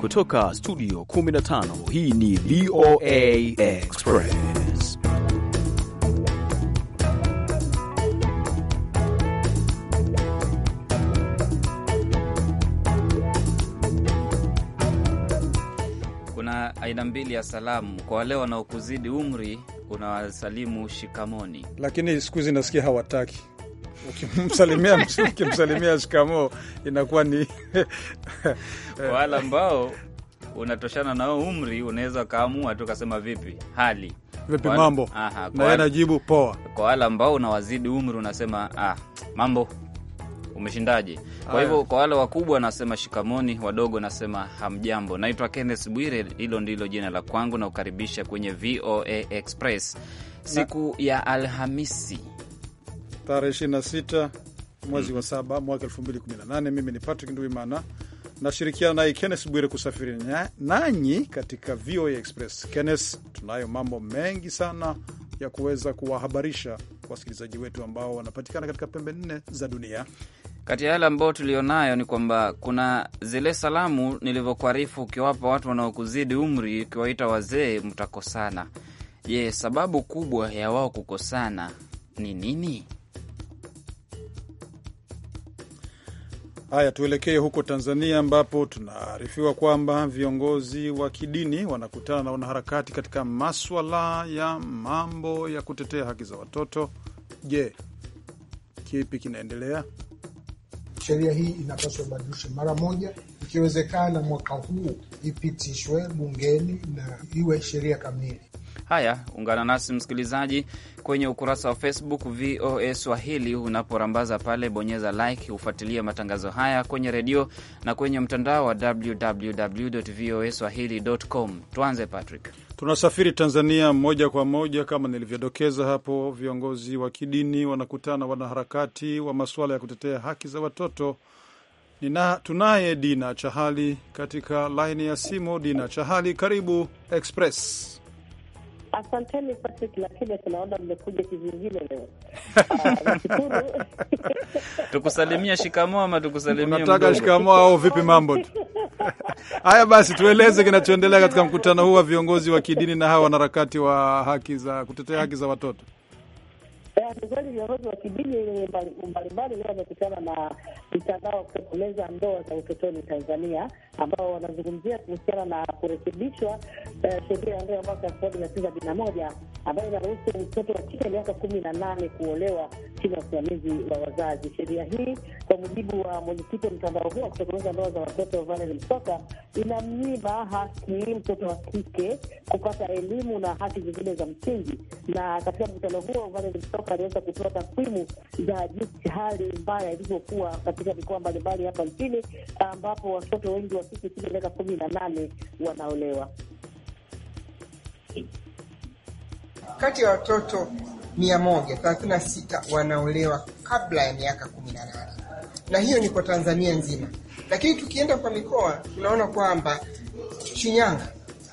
Kutoka studio 15 hii ni VOA Express. Kuna aina mbili ya salamu kwa wale wanaokuzidi umri, unawasalimu shikamoni, lakini siku hizi nasikia hawataki ukimsalimia ukimsalimia inakuwa ni wala ambao unatoshana nao umri, unaweza kaamua tu kasema vipi hali vipi wala, mambo aha, najibu poa. Kwa wale ambao unawazidi umri unasema ah, mambo umeshindaje? Kwa hivyo kwa wale wakubwa nasema shikamoni, wadogo nasema hamjambo. Naitwa Kenneth Bwire, hilo ndilo jina la kwangu, na ukaribisha kwenye VOA Express siku na, ya Alhamisi tarehe 26 mwezi wa saba mwaka 2018. Mimi ni Patrick nduimana nashirikiana naye Kennes Bwire kusafiri nanyi katika VOA Express. Kennes, tunayo mambo mengi sana ya kuweza kuwahabarisha wasikilizaji wetu ambao wanapatikana katika pembe nne za dunia. Kati ya yale ambayo tulionayo ni kwamba kuna zile salamu nilivyokuarifu, ukiwapa watu wanaokuzidi umri, ukiwaita wazee, mtakosana. Je, sababu kubwa ya wao kukosana ni nini? Haya, tuelekee huko Tanzania ambapo tunaarifiwa kwamba viongozi wa kidini wanakutana na wanaharakati katika maswala ya mambo ya kutetea haki za watoto. Je, kipi kinaendelea? Sheria hii inapaswa ibadilishwe mara moja, ikiwezekana mwaka huu ipitishwe bungeni na iwe sheria kamili. Haya, ungana nasi msikilizaji kwenye ukurasa wa Facebook VOA Swahili unaporambaza pale, bonyeza like, hufuatilia matangazo haya kwenye redio na kwenye mtandao wa www voa swahili.com. Tuanze Patrick. Tunasafiri Tanzania moja kwa moja. Kama nilivyodokeza hapo, viongozi wa kidini wanakutana wanaharakati wa masuala ya kutetea haki za watoto. Nina, tunaye Dina Chahali katika laini ya simu. Dina Chahali, karibu Express. Asanteni Patrick, lakini tunaona mmekuja kivingine leo. Ah, tukusalimia shikamoo ama tukusalimia, shikamoo au vipi mambo? Haya basi, tueleze kinachoendelea katika mkutano huu wa viongozi wa kidini na hawa wanaharakati wa haki za kutetea haki za watoto. Eh, ni kweli viongozi wa kidini mbalimbali leo wamekutana na mtandao wa kutokomeza ndoa za utotoni Tanzania, ambao wanazungumzia kuhusiana na kurekebishwa eh, sheria ya ndoa ya mwaka elfu moja mia tisa sabini na moja ambayo inaruhusu mtoto wa chini ya miaka kumi na nane kuolewa chini ya usimamizi wa wazazi. Sheria hii kwa mujibu wa mwenyekiti wa mtandao huo wa kutokomeza ndoa za watoto Vanel Msoka, inamnyima haki mtoto wa kike kupata elimu na haki zingine za msingi. Na katika mkutano huo, Vanel Msoka aliweza kutoa takwimu za jinsi hali mbaya ilivyokuwa katika mikoa mbalimbali hapa nchini, ambapo watoto wengi wa kike chini ya miaka kumi na nane wanaolewa. Kati ya watoto 136 wanaolewa kabla ya miaka 18, na hiyo ni kwa Tanzania nzima. Lakini tukienda kwa mikoa tunaona kwamba Shinyanga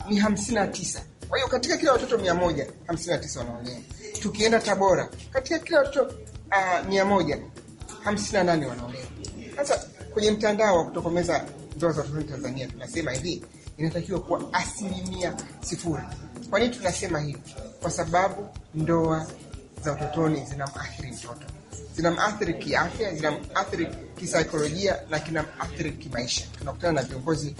ni 59. Kwa hiyo katika kila watoto 100, tisa wanaolewa. Tukienda Tabora, katika kila watoto uh, ah, 100, nane wanaolewa. Sasa kwenye mtandao wa kutokomeza ndoa za watoto Tanzania tunasema hivi, inatakiwa kuwa asilimia sifuri. Kwa nini tunasema hivi? Kwa sababu ndoa za utotoni zinamathiri mtoto, zinamathiri kiafya, zinamathiri kisaikolojia na kinamathiri kimaisha. Tunakutana na viongozi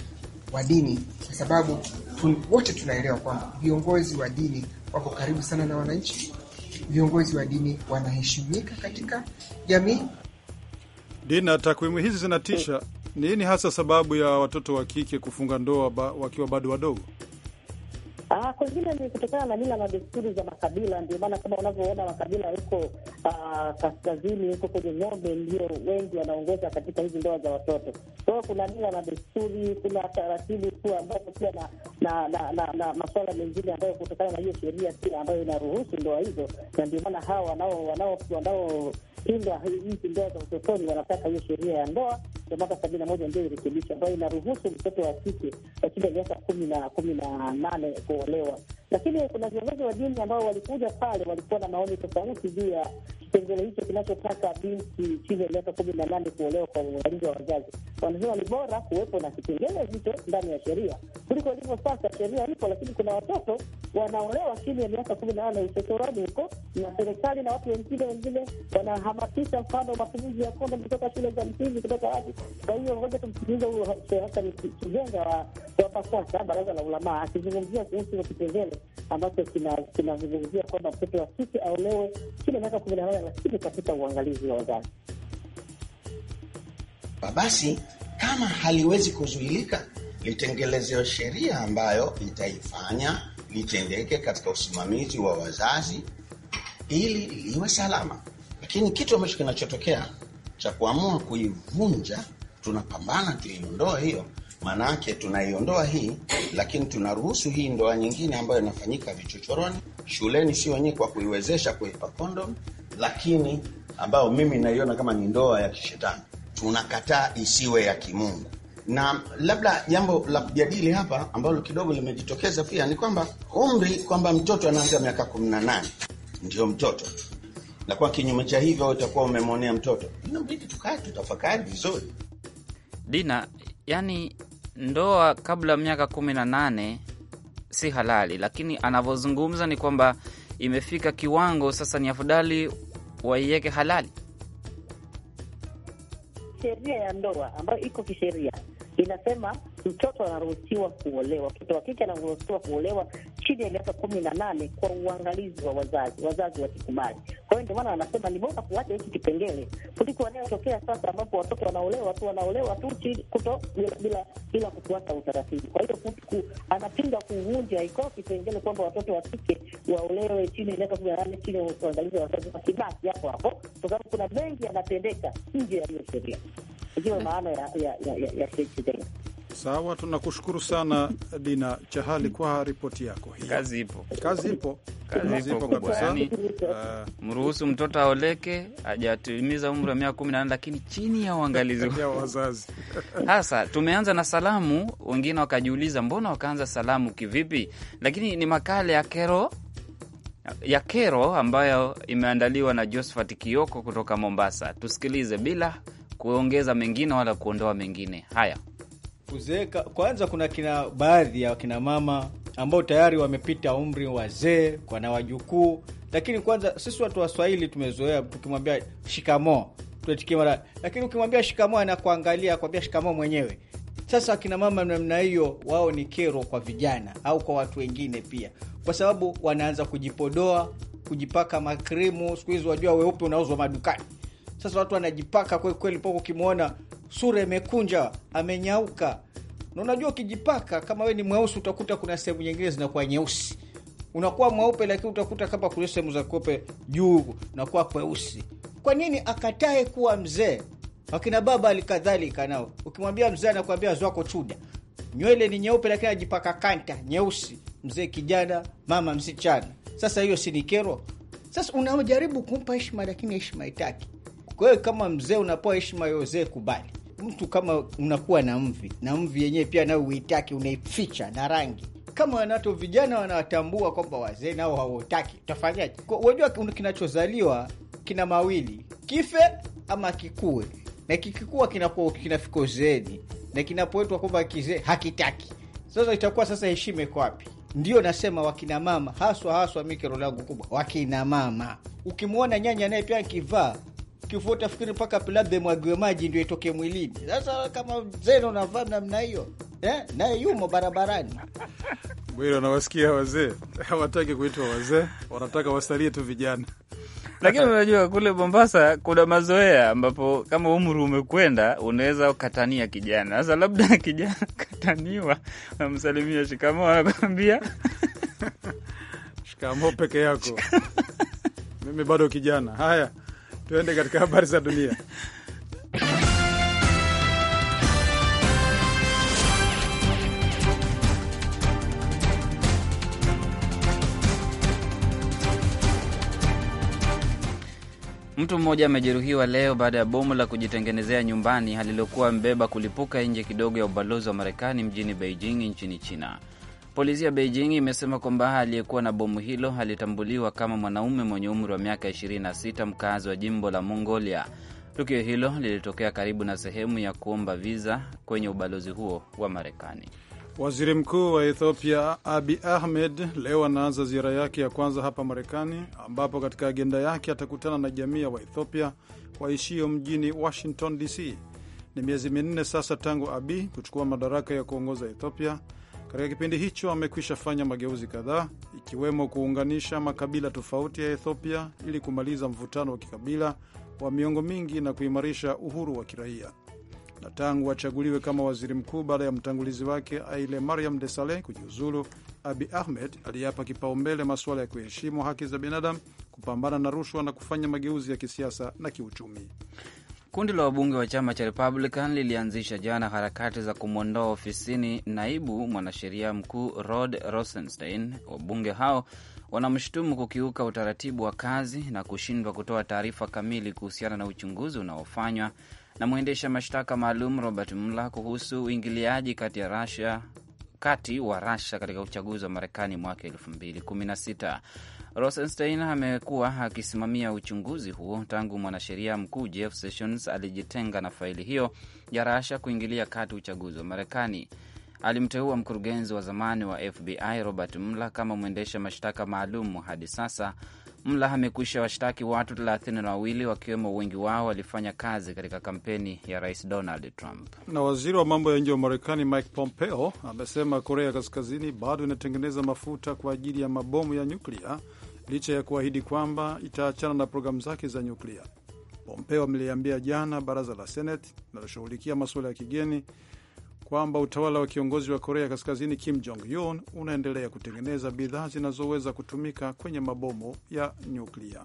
wa dini kwa sababu tun, wote tunaelewa kwamba viongozi wa dini wako karibu sana na wananchi, viongozi wa dini wanaheshimika katika jamii. Dina, takwimu hizi zinatisha. Nini hasa sababu ya watoto wa kike kufunga ndoa ba, wakiwa bado wadogo? Ah, kwengine ni kutokana na mila na desturi za makabila. Ndio maana kama unavyoona makabila huko ah, kaskazini huko kwenye ng'ombe, ndio wengi wanaongoza katika hizi ndoa za watoto. Kwa hiyo kuna mila na desturi, kuna taratibu tu ambazo pia na na, na, na, na masuala mengine ambayo kutokana na hiyo sheria pia ambayo inaruhusu ndoa hizo, na ndio maana hawa wanaopinga hizi ndoa za utotoni wanataka hiyo sheria ya ndoa ya mwaka sabini na moja ndio irekebisha ambayo inaruhusu mtoto wa kike wa chini ya miaka kumi na kumi na nane kuolewa lakini kuna viongozi wa dini ambao walikuja pale, walikuwa na maoni tofauti juu ya kipengele hicho kinachotaka binti chini ya miaka kumi na nane kuolewa kwa uangalizi wa wazazi. Wanasema ni bora kuwepo na kipengele hicho ndani ya sheria kuliko ilivyo sasa. Sheria ipo, lakini kuna watoto wanaolewa chini ya miaka kumi na nane uchochorani huko, na serikali na watu wengine wengine wanahamasisha mfano matumizi ya kondomu kutoka shule za msingi, kutoka wapi. Kwa hiyo ngoja tumsikilize huyo Sheikh Hassan Kigenga wa PASASA, baraza la ulamaa, akizungumzia kuhusu kipengele ambacho kinazungumzia kwamba mtoto wa kike aolewe kila miaka kumi na nane lakini katika uangalizi wa wazazi. Ah, basi kama haliwezi kuzuilika, litengelezewe sheria ambayo itaifanya litendeke katika usimamizi wa wazazi ili liwe salama. Lakini kitu ambacho kinachotokea cha kuamua kuivunja, tunapambana tuiondoe hiyo Manake tunaiondoa hii, lakini tunaruhusu hii ndoa nyingine ambayo inafanyika vichochoroni shuleni, si wenyewe kwa kuiwezesha kuipa kondom, lakini ambayo mimi naiona kama ni ndoa ya kishetani. Tunakataa isiwe ya kimungu. Na labda jambo la kujadili hapa ambalo kidogo limejitokeza pia ni kwamba umri, kwamba mtoto anaanza miaka 18 ndio mtoto, na kwa kinyume cha hivyo utakuwa umemwonea mtoto. Inabidi tukae tutafakari vizuri. Dina, yani ndoa kabla ya miaka kumi na nane si halali, lakini anavyozungumza ni kwamba imefika kiwango sasa ni afadhali waiweke halali. Sheria ya ndoa ambayo iko kisheria inasema mtoto anaruhusiwa kuolewa, mtoto wa kike anaruhusiwa kuolewa chini ya miaka kumi na nane kwa uangalizi wa wazazi, wazazi wa sikumali kwa hiyo ndio maana anasema ni bora kuacha hiki kipengele kuliko wanayotokea sasa, ambapo watoto wanaolewa tu wanaolewa tu kuto bila bila, kufuata utaratibu. Kwa hiyo anapinga kuvunja iko kipengele kwamba watoto wa kike waolewe chini ya miaka kumi na nane chini ya uangalizi wa wazazi, wakibaki hapo hapo, kwa sababu kuna mengi yanatendeka nje ya hiyo sheria. Ndiyo maana ya ya ya, ya, ya, ya, ya, ya, ya. Sawa, tunakushukuru sana Dina Chahali kwa ripoti yako hii. Kazi ipo, kazi ipo, kazi ipo kubwa. Yani, uh, mruhusu mtoto aoleke ajatimiza umri wa miaka kumi na nane lakini chini ya uangalizi wazazi. Hasa tumeanza na salamu, wengine wakajiuliza mbona wakaanza salamu kivipi, lakini ni makale ya kero ya kero ambayo imeandaliwa na Josephat Kioko kutoka Mombasa. Tusikilize bila kuongeza mengine wala kuondoa mengine. Haya kuzeeka. Kwanza kuna kina baadhi ya kina mama ambao tayari wamepita umri wazee, wana wajukuu, lakini kwanza sisi watu Waswahili tumezoea tukimwambia shikamoo tuetikie mara, lakini ukimwambia shikamoo anakuangalia akwambia shikamoo mwenyewe. Sasa akina mama namna hiyo, wao ni kero kwa vijana au kwa watu wengine pia, kwa sababu wanaanza kujipodoa, kujipaka makrimu. Siku hizi wajua, weupe unauzwa madukani. Sasa watu wanajipaka kweli kweli, poko ukimwona sura imekunja, amenyauka. Na unajua ukijipaka kama we ni mweusi, utakuta kuna sehemu nyingine zinakuwa nyeusi. Unakuwa mweupe, lakini utakuta kama kuna sehemu za kope juu nakuwa kweusi. Kwa nini akatae kuwa mzee? Wakina baba alikadhalika nao, ukimwambia mzee anakuambia zwako chuda, nywele ni nyeupe, lakini ajipaka kanta nyeusi, mzee kijana, mama msichana. Sasa hiyo si ni kero? Sasa unajaribu kumpa heshima, lakini heshima itaki. Kwa hiyo kama mzee unapoa heshima ya uzee, kubali mtu kama unakuwa na mvi na mvi yenyewe pia nayo uitaki, unaificha na rangi kama wanato vijana wanawatambua kwamba wazee nao hawotaki, utafanyaje? Unajua, kinachozaliwa kina mawili, kife ama kikue, na kikikua kinafika uzeeni, na kinapoetwa kwamba kizee hakitaki. Sasa itakuwa sasa heshima iko wapi? Ndio nasema wakina mama haswa haswa, mi kero langu kubwa wakina mama. Ukimwona nyanya naye pia akivaa kifua tafikiri mpaka labda imwagiwe maji ndio itoke mwilini. Sasa kama zeno navaa namna hiyo eh, naye yumo barabarani Bwire, wanawasikia wazee, hawataki kuitwa wazee, wanataka wasalie tu vijana lakini unajua kule Mombasa kuna mazoea ambapo kama umri umekwenda unaweza ukatania kijana. Sasa labda kijana kataniwa, namsalimia shikamo, anakwambia shikamo peke yako mimi bado kijana. Haya. Tuende katika habari za dunia. Mtu mmoja amejeruhiwa leo baada ya bomu la kujitengenezea nyumbani alilokuwa mbeba kulipuka nje kidogo ya ubalozi wa Marekani mjini Beijing nchini China. Polisi ya Beijing imesema kwamba aliyekuwa na bomu hilo alitambuliwa kama mwanaume mwenye umri wa miaka 26 mkazi wa jimbo la Mongolia. Tukio hilo lilitokea karibu na sehemu ya kuomba viza kwenye ubalozi huo wa Marekani. Waziri Mkuu wa Ethiopia Abi Ahmed leo anaanza ziara yake ya kwanza hapa Marekani, ambapo katika agenda yake atakutana na jamii ya Waethiopia waishio mjini Washington DC. Ni miezi minne sasa tangu Abi kuchukua madaraka ya kuongoza Ethiopia katika kipindi hicho amekwisha fanya mageuzi kadhaa ikiwemo kuunganisha makabila tofauti ya Ethiopia ili kumaliza mvutano wa kikabila wa miongo mingi na kuimarisha uhuru wa kiraia. Na tangu achaguliwe kama waziri mkuu baada ya mtangulizi wake Aile Mariam sale kujiuzulu, Abi Ahmed aliyapa kipaumbele masuala ya kuheshimu haki za binadamu, kupambana na rushwa na kufanya mageuzi ya kisiasa na kiuchumi. Kundi la wabunge wa chama cha Republican lilianzisha jana harakati za kumwondoa ofisini naibu mwanasheria mkuu Rod Rosenstein. Wabunge hao wanamshutumu kukiuka utaratibu wa kazi na kushindwa kutoa taarifa kamili kuhusiana na uchunguzi unaofanywa na mwendesha mashtaka maalum Robert Mueller kuhusu uingiliaji kati ya Russia kati wa Russia katika uchaguzi wa Marekani mwaka 2016. Rosenstein amekuwa akisimamia uchunguzi huo tangu mwanasheria mkuu Jeff Sessions alijitenga na faili hiyo ya Rasha kuingilia kati uchaguzi wa Marekani. Alimteua mkurugenzi wa zamani wa FBI Robert Mueller kama mwendesha mashtaka maalum. Hadi sasa Mueller amekwisha washtaki watu thelathini na wawili wakiwemo wengi wao walifanya kazi katika kampeni ya rais Donald Trump. Na waziri wa mambo ya nje wa Marekani Mike Pompeo amesema Korea Kaskazini bado inatengeneza mafuta kwa ajili ya mabomu ya nyuklia licha ya kuahidi kwamba itaachana na programu zake za nyuklia. Pompeo ameliambia jana baraza la senate linaloshughulikia masuala ya kigeni kwamba utawala wa kiongozi wa Korea Kaskazini Kim Jong Un unaendelea kutengeneza bidhaa zinazoweza kutumika kwenye mabomu ya nyuklia.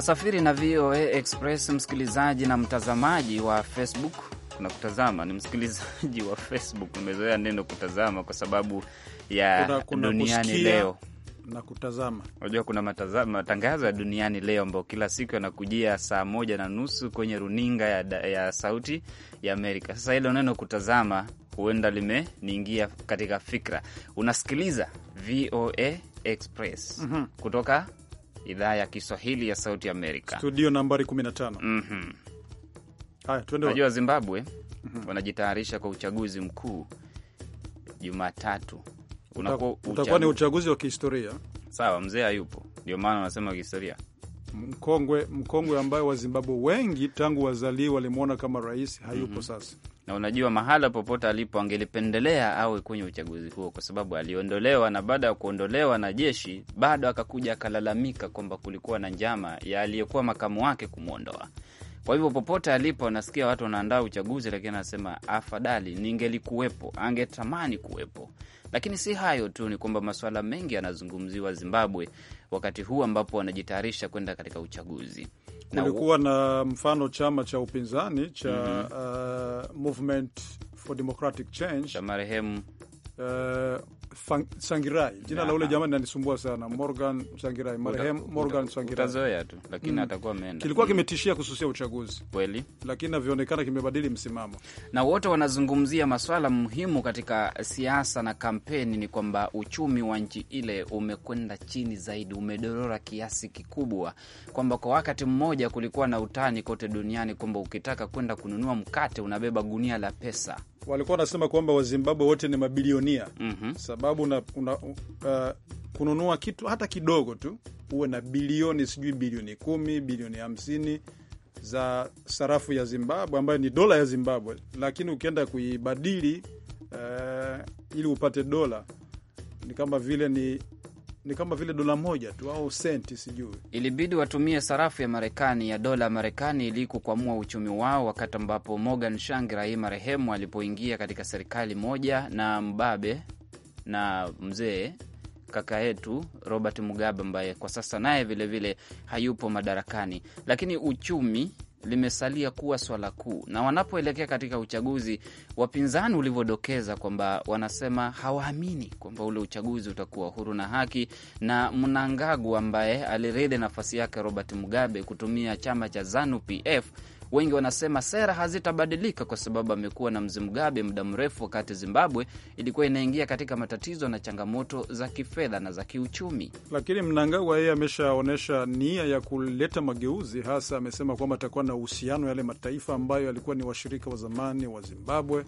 Unasafiri na VOA Express, msikilizaji na mtazamaji wa Facebook nakutazama kutazama ni msikilizaji wa Facebook. Umezoea neno kutazama kwa sababu ya kuna, kuna duniani leo na kutazama. Unajua kuna matangazo ya duniani leo ambayo kila siku yanakujia saa moja na nusu kwenye runinga ya, ya Sauti ya Amerika. Sasa hilo neno kutazama huenda limeniingia katika fikra. Unasikiliza VOA Express mm -hmm. kutoka idhaa ya Kiswahili ya Sauti Amerika, studio nambari 15. Mm -hmm. Haya, tuende. Najua Zimbabwe mm -hmm. wanajitayarisha kwa uchaguzi mkuu Jumatatu. Utakuwa ni uchaguzi wa kihistoria. Sawa, mzee hayupo, ndio maana wanasema kihistoria mkongwe mkongwe ambaye Wazimbabwe wengi tangu wazalii walimwona kama rais hayupo. mm -hmm. Sasa na unajua mahala popote alipo angelipendelea awe kwenye uchaguzi huo, kwa sababu aliondolewa, na baada ya kuondolewa na jeshi bado akakuja akalalamika kwamba kulikuwa na njama ya aliyekuwa makamu wake kumwondoa. Kwa hivyo popote alipo anasikia watu wanaandaa uchaguzi, lakini anasema afadhali ningelikuwepo, angetamani kuwepo. Lakini si hayo tu, ni kwamba masuala mengi yanazungumziwa Zimbabwe wakati huu ambapo wanajitayarisha kwenda katika uchaguzi. Kulikuwa na mfano chama cha upinzani cha mm -hmm. uh, Movement for Democratic Change cha marehemu uh, Sangirai, jina la ule jamani nanisumbua sana, Morgan Sangirai, marehemu Morgan Sangirai. Utazoea tu, lakini mm. atakuwa ameenda. Kilikuwa kimetishia kususia uchaguzi kweli, lakini navyoonekana kimebadili msimamo, na wote wanazungumzia maswala muhimu katika siasa na kampeni, ni kwamba uchumi wa nchi ile umekwenda chini zaidi, umedorora kiasi kikubwa, kwamba kwa wakati mmoja kulikuwa na utani kote duniani kwamba ukitaka kwenda kununua mkate unabeba gunia la pesa. Walikuwa wanasema kwamba Wazimbabwe wote ni mabilionia mm -hmm sababu una, una, uh, kununua kitu hata kidogo tu uwe na bilioni sijui bilioni kumi bilioni hamsini za sarafu ya Zimbabwe ambayo ni dola ya Zimbabwe, lakini ukienda kuibadili uh, ili upate dola ni kama vile ni ni kama vile dola moja tu au senti sijui. Ilibidi watumie sarafu ya Marekani ya dola ya Marekani ili kukwamua uchumi wao, wakati ambapo Morgan Tsvangirai marehemu alipoingia katika serikali moja na mbabe na mzee kaka yetu Robert Mugabe ambaye kwa sasa naye vilevile hayupo madarakani, lakini uchumi limesalia kuwa swala kuu, na wanapoelekea katika uchaguzi, wapinzani ulivyodokeza kwamba wanasema hawaamini kwamba ule uchaguzi utakuwa huru na haki, na Mnangagwa ambaye alirithi nafasi yake Robert Mugabe kutumia chama cha Zanu PF Wengi wanasema sera hazitabadilika kwa sababu amekuwa na mgabe muda mrefu, wakati Zimbabwe ilikuwa inaingia katika matatizo na changamoto za kifedha na za kiuchumi. Lakini Mnangagwa yeye ameshaonyesha nia ya kuleta mageuzi, hasa amesema kwamba atakuwa na uhusiano yale mataifa ambayo yalikuwa ni washirika wa zamani wa Zimbabwe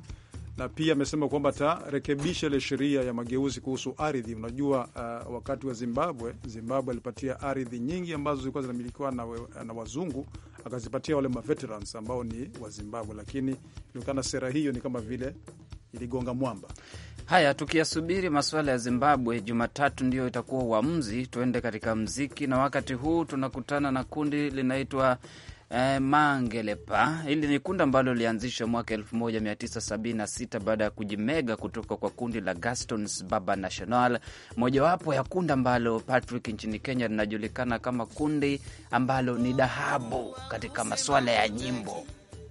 na pia amesema kwamba atarekebisha ile sheria ya mageuzi kuhusu ardhi. Unajua, uh, wakati wa Zimbabwe, Zimbabwe alipatia ardhi nyingi ambazo zilikuwa zinamilikiwa na, na wazungu akazipatia wale maveterans ambao ni wa Zimbabwe, lakini ilionekana sera hiyo ni kama vile iligonga mwamba. Haya, tukiyasubiri masuala ya Zimbabwe, Jumatatu ndiyo itakuwa uamuzi. Tuende katika mziki, na wakati huu tunakutana na kundi linaitwa eh, Mangelepa. Hili ni kundi ambalo lilianzishwa mwaka 1976 baada ya kujimega kutoka kwa kundi la Gastons Baba National, mojawapo ya kundi ambalo Patrick, nchini Kenya linajulikana kama kundi ambalo ni dhahabu katika masuala ya nyimbo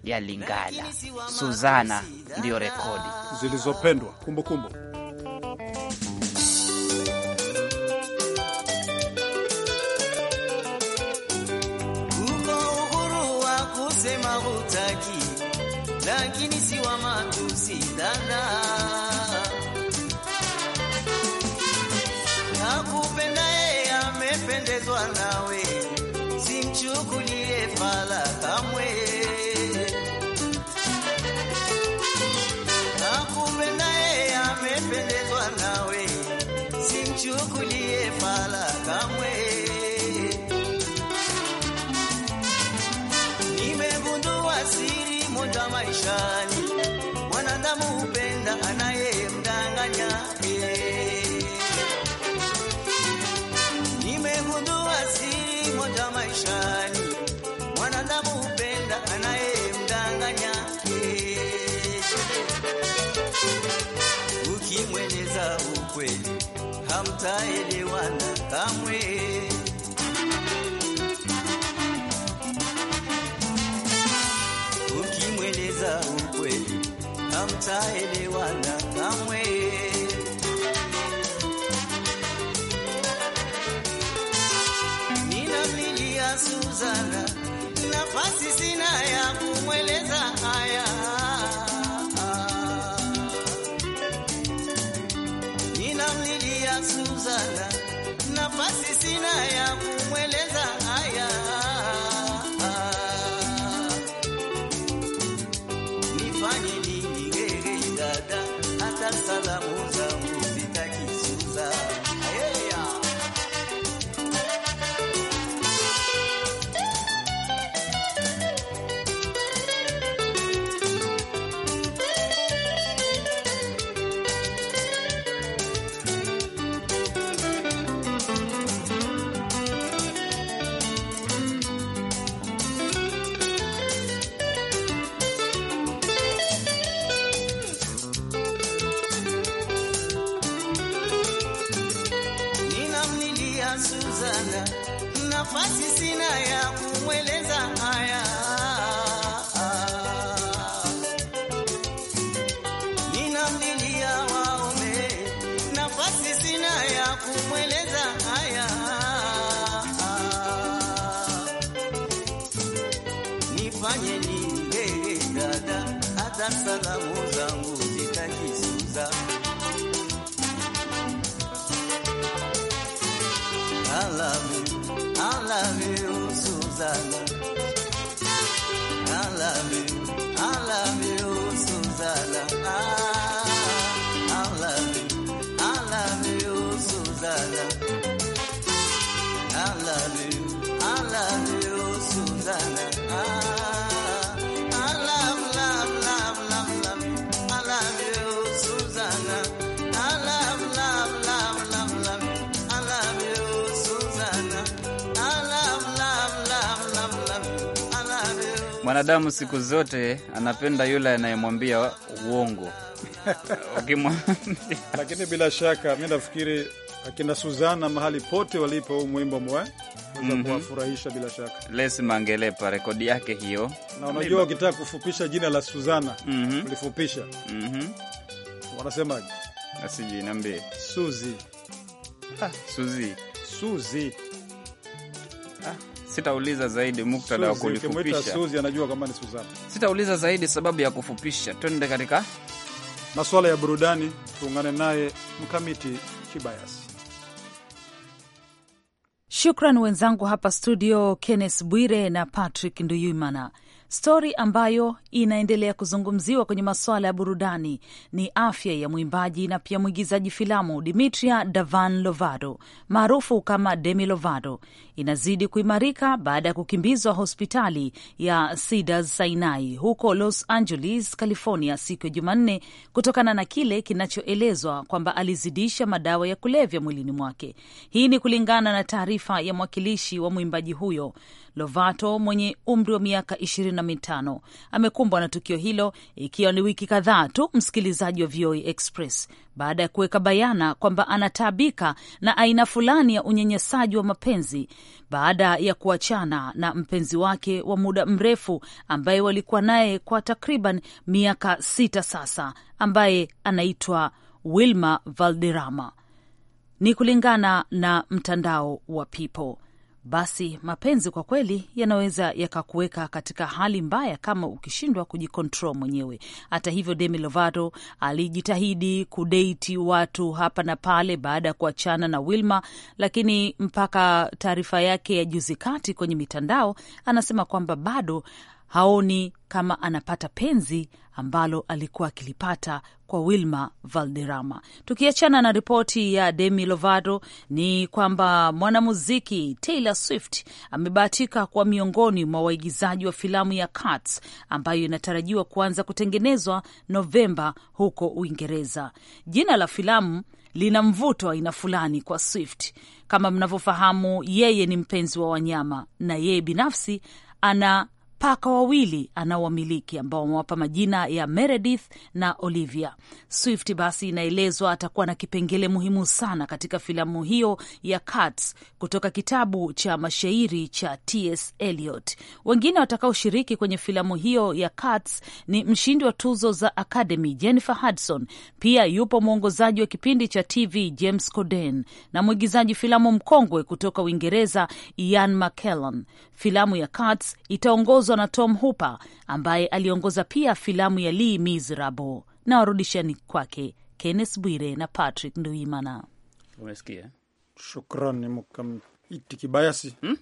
ya Lingala, Suzana ndiyo rekodi zilizopendwa kumbukumbu angani, mwanadamu hupenda anaye 사이 nafasi sina ya kumweleza Mwanadamu siku zote anapenda yule anayemwambia uongo lakini bila shaka mi nafikiri akina Suzana mahali pote walipo huu mwimbo mwe Mm -hmm. Kuwafurahisha bila shaka. Les Mangelepa rekodi yake hiyo, na unajua ukitaka kufupisha jina la Suzana mm -hmm. ulifupisha mm -hmm. wanasemaje? Asiji niambie Suzi. Ah, Suzi. Suzi. Ah, sitauliza zaidi muktadha wa kulifupisha. Suzi anajua kama ni Suzana. Sitauliza zaidi sababu ya kufupisha. Twende katika masuala ya burudani, tuungane naye mkamiti Kibayasi. Shukran wenzangu hapa studio, Kenneth Bwire na Patrick Nduyumana. Stori ambayo inaendelea kuzungumziwa kwenye masuala ya burudani ni afya ya mwimbaji na pia mwigizaji filamu Dimitria Davan Lovado maarufu kama Demi Lovado inazidi kuimarika baada ya kukimbizwa hospitali ya Cedars Sinai huko Los Angeles, California siku ya Jumanne kutokana na kile kinachoelezwa kwamba alizidisha madawa ya kulevya mwilini mwake. Hii ni kulingana na taarifa ya mwakilishi wa mwimbaji huyo. Lovato mwenye umri wa miaka ishirini na mitano amekumbwa na tukio hilo, ikiwa ni wiki kadhaa tu, msikilizaji wa VOA e Express, baada ya kuweka bayana kwamba anataabika na aina fulani ya unyanyasaji wa mapenzi baada ya kuachana na mpenzi wake wa muda mrefu ambaye walikuwa naye kwa takriban miaka sita sasa, ambaye anaitwa Wilma Valderrama, ni kulingana na mtandao wa People basi mapenzi kwa kweli yanaweza yakakuweka katika hali mbaya kama ukishindwa kujikontrol mwenyewe. Hata hivyo, Demi Lovato alijitahidi kudeiti watu hapa na pale baada ya kuachana na Wilma, lakini mpaka taarifa yake ya juzi kati kwenye mitandao anasema kwamba bado haoni kama anapata penzi ambalo alikuwa akilipata kwa Wilma Valderrama. Tukiachana na ripoti ya Demi Lovato, ni kwamba mwanamuziki Taylor Swift amebahatika kuwa miongoni mwa waigizaji wa filamu ya Cats ambayo inatarajiwa kuanza kutengenezwa Novemba huko Uingereza. Jina la filamu lina mvuto aina fulani kwa Swift. Kama mnavyofahamu, yeye ni mpenzi wa wanyama na yeye binafsi ana paka wawili anaowamiliki ambao wamewapa majina ya Meredith na Olivia. Swift basi inaelezwa atakuwa na kipengele muhimu sana katika filamu hiyo ya Cats kutoka kitabu cha mashairi cha T.S. Eliot. Wengine watakaoshiriki kwenye filamu hiyo ya Cats ni mshindi wa tuzo za Academy Jennifer Hudson. Pia yupo mwongozaji wa kipindi cha TV James Corden na mwigizaji filamu mkongwe kutoka Uingereza Ian McKellen. Filamu ya Cats itaongozwa iliyoongozwa na Tom Hooper ambaye aliongoza pia filamu ya Les Miserables. Na warudishani kwake Kenneth Bwire na Patrick Nduimana. Umesikia, shukrani Mkamiti Kibayasi. Hmm?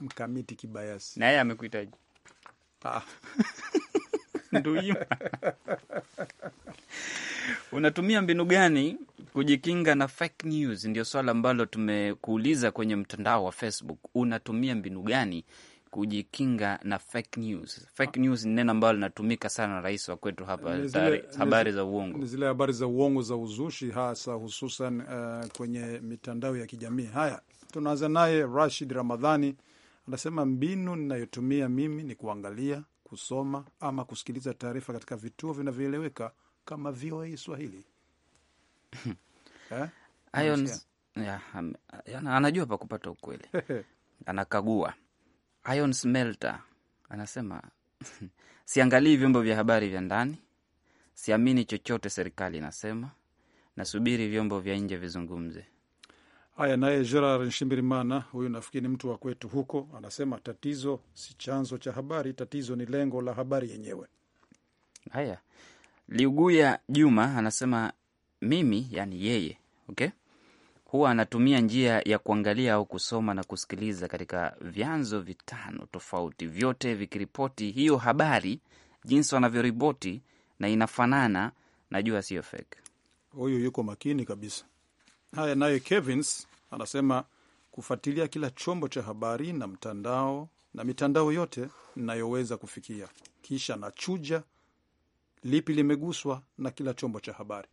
Mkamiti Kibayasi ah. unatumia mbinu gani kujikinga na fake news? Ndio swala ambalo tumekuuliza kwenye mtandao wa Facebook. Unatumia mbinu gani kujikinga na fake news. Fake news ni neno ambalo linatumika sana na rais wa kwetu hapa, habari za uongo, ni zile habari za uongo za uzushi, hasa hususan uh, kwenye mitandao ya kijamii. Haya, tunaanza naye Rashid Ramadhani anasema mbinu ninayotumia mimi ni kuangalia, kusoma ama kusikiliza taarifa katika vituo vinavyoeleweka kama VOA Swahili. eh? Ayon, ya, anajua pa kupata ukweli anakagua Ion Smelter anasema siangalii vyombo vya habari vya ndani, siamini chochote serikali inasema, nasubiri vyombo vya nje vizungumze haya. Naye Gerard Nshimbirimana, huyu nafikiri ni mtu wa kwetu huko, anasema tatizo si chanzo cha habari, tatizo ni lengo la habari yenyewe. Haya, Liuguya Juma anasema mimi, yani yeye okay huwa anatumia njia ya kuangalia au kusoma na kusikiliza katika vyanzo vitano tofauti, vyote vikiripoti hiyo habari jinsi wanavyoripoti na inafanana, najua sio fake. Huyu yuko makini kabisa. Haya, naye Kevins anasema kufuatilia kila chombo cha habari na mtandao na mitandao yote nayoweza kufikia, kisha nachuja lipi limeguswa na kila chombo cha habari.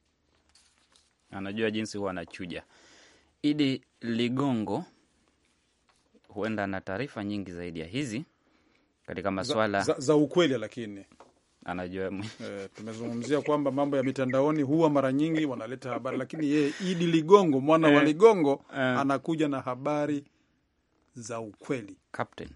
Anajua jinsi huwa anachuja Idi Ligongo huenda na taarifa nyingi zaidi ya hizi katika maswala za, za, za ukweli, lakini anajua e, tumezungumzia kwamba mambo ya mitandaoni huwa mara nyingi wanaleta habari, lakini yeye Idi Ligongo mwana e, wa eh, Ligongo e, anakuja na habari za ukweli Captain.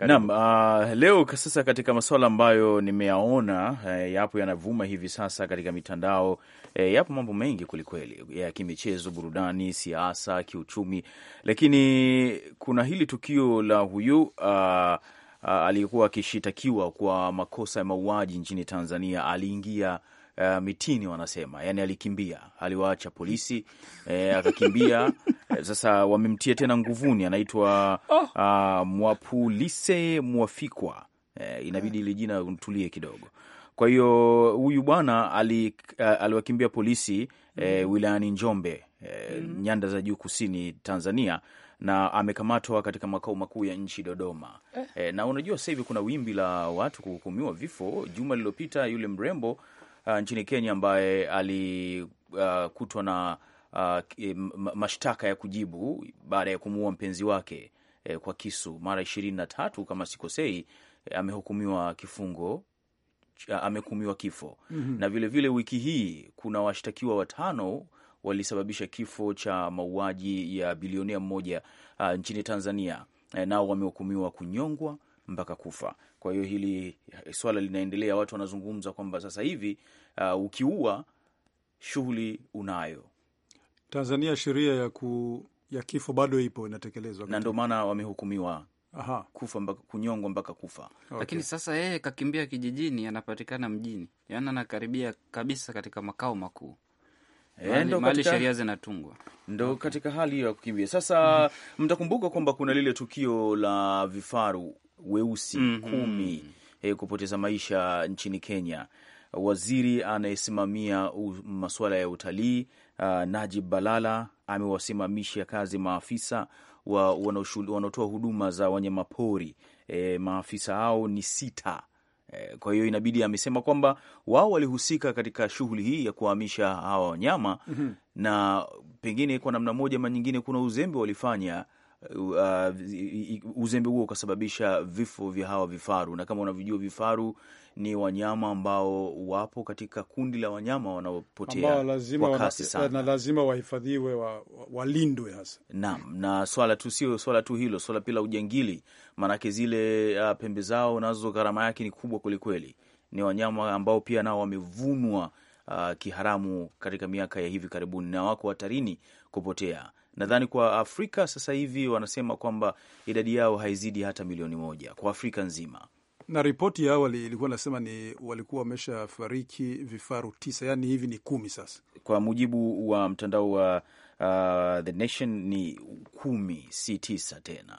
Naam, uh, leo sasa katika masuala ambayo nimeyaona eh, yapo yanavuma hivi sasa katika mitandao eh, yapo mambo mengi kwelikweli ya kimichezo, burudani, siasa, kiuchumi, lakini kuna hili tukio la huyu uh, uh, aliyekuwa akishitakiwa kwa makosa ya mauaji nchini Tanzania aliingia Uh, mitini wanasema, yani alikimbia, aliwaacha polisi eh, akakimbia Sasa wamemtia tena nguvuni, anaitwa oh, uh, Mwapulise Mwafikwa. Eh, inabidi hili eh. jina tulie kidogo. Kwa hiyo huyu bwana ali, eh, aliwakimbia polisi eh, mm-hmm. wilayani Njombe eh, mm-hmm. nyanda za juu kusini Tanzania na amekamatwa katika makao makuu ya nchi Dodoma. Eh. Eh, na unajua sasa hivi kuna wimbi la watu kuhukumiwa vifo. Juma lililopita yule mrembo uh, nchini Kenya ambaye alikutwa ah, uh, na uh, mashtaka ya kujibu baada ya kumuua mpenzi wake eh, kwa kisu mara ishirini na tatu kama sikosei, eh, amehukumiwa kifungo amehukumiwa kifo mm -hmm. Na vilevile vile wiki hii kuna washtakiwa watano walisababisha kifo cha mauaji ya bilionea mmoja uh, nchini Tanzania eh, nao wamehukumiwa kunyongwa mpaka kufa. Kwa hiyo hili eh, swala linaendelea, watu wanazungumza kwamba sasa hivi uh, ukiua shughuli unayo Tanzania sheria ya, ku, ya kifo bado ipo inatekelezwa, na ndio maana wamehukumiwa Aha. kufa mpaka kunyongwa mpaka kufa okay. Lakini sasa yeye kakimbia kijijini, anapatikana mjini, yaani anakaribia kabisa katika makao makuu eh, yaani mali sheria zinatungwa ndo katika hali hiyo ya kukimbia sasa. mm -hmm. Mtakumbuka kwamba kuna lile tukio la vifaru weusi mm -hmm. kumi e, kupoteza maisha nchini Kenya. Waziri anayesimamia masuala ya utalii uh, Najib Balala amewasimamisha kazi maafisa wa wanaotoa huduma za wanyamapori e, maafisa hao ni sita. E, kwa hiyo inabidi, amesema kwamba wao walihusika katika shughuli hii ya kuhamisha hawa wanyama mm -hmm. na pengine kwa namna moja ama nyingine kuna uzembe walifanya. Uh, uzembe huo ukasababisha vifo vya hawa vifaru, na kama unavyojua vifaru ni wanyama ambao wapo katika kundi la wanyama wanaopotea lazima kwa kasi sana, na lazima wahifadhiwe, walindwe wa hasa. Naam, na swala tu sio swala tu hilo, swala pia la ujangili, maanake zile uh, pembe zao nazo gharama yake ni kubwa kwelikweli. Ni wanyama ambao pia nao wamevunwa uh, kiharamu katika miaka ya hivi karibuni na wako hatarini kupotea. Nadhani kwa Afrika sasa hivi wanasema kwamba idadi yao haizidi hata milioni moja kwa Afrika nzima na ripoti ya awali ilikuwa nasema ni walikuwa wameshafariki vifaru tisa, yaani hivi ni kumi sasa, kwa mujibu wa mtandao wa uh, The Nation ni kumi, si tisa tena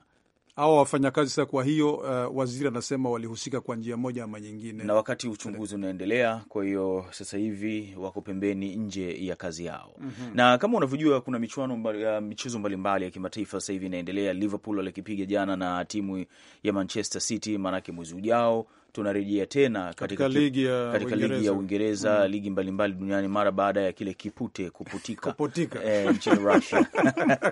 hawa wafanyakazi sasa. Kwa hiyo uh, waziri anasema walihusika kwa njia moja ama nyingine, na wakati uchunguzi unaendelea, kwa hiyo sasa hivi wako pembeni nje ya kazi yao. mm -hmm. Na kama unavyojua kuna michuano mbali, uh, michezo mbalimbali ya kimataifa sasa hivi inaendelea. Liverpool walikipiga jana na timu ya Manchester City, maanake mwezi ujao tunarejea tena katika, katika ligi ya Uingereza, ligi Uingereza mm, ligi mbalimbali duniani mara baada ya kile kipute kuputika, kuputika. E, nchini Russia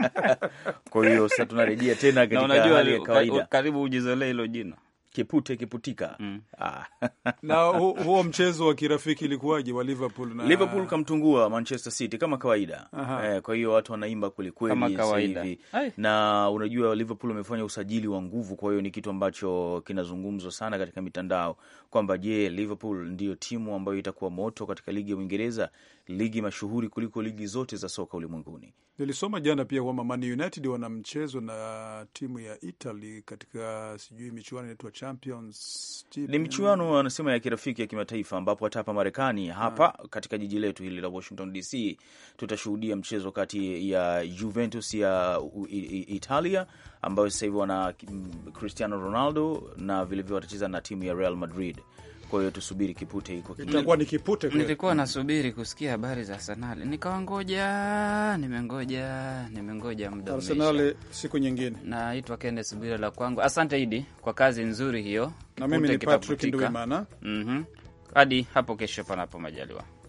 kwa hiyo sasa tunarejea tena katika hali ya kawaida. Karibu ujizolee hilo jina kipute kiputika mm. ah. na huo hu, mchezo wa kirafiki ilikuwaje wa Liverpool na Liverpool kamtungua Manchester City kama kawaida eh, kwa hiyo watu wanaimba kwelikweli sasa hivi, na unajua Liverpool wamefanya usajili wa nguvu, kwa hiyo ni kitu ambacho kinazungumzwa sana katika mitandao kwamba je, Liverpool ndiyo timu ambayo itakuwa moto katika ligi ya Uingereza ligi mashuhuri kuliko ligi zote za soka ulimwenguni. Nilisoma jana pia kwamba Man United wana mchezo na timu ya Italy katika sijui michuano inaitwa Champions, ni michuano anasema ya kirafiki ya kimataifa, ambapo hata hapa Marekani hapa ha, ah. katika jiji letu hili la Washington DC tutashuhudia mchezo kati ya Juventus ya Italia ambayo sasa hivi wana mm, Cristiano Ronaldo na vilevile watacheza na timu ya Real Madrid. Kwa hiyo tusubiri kipute iko kitakuwa ni kipute. Nilikuwa nasubiri kusikia habari za Arsenal, nikawangoja, nimengoja, nimengoja muda Arsenal siku nyingine. Naitwa Kenneth Bwire la kwangu. Asante Idi kwa kazi nzuri hiyo, na mimi ni Patrick Nduwimana. Mhm, hadi hapo kesho, panapo majaliwa.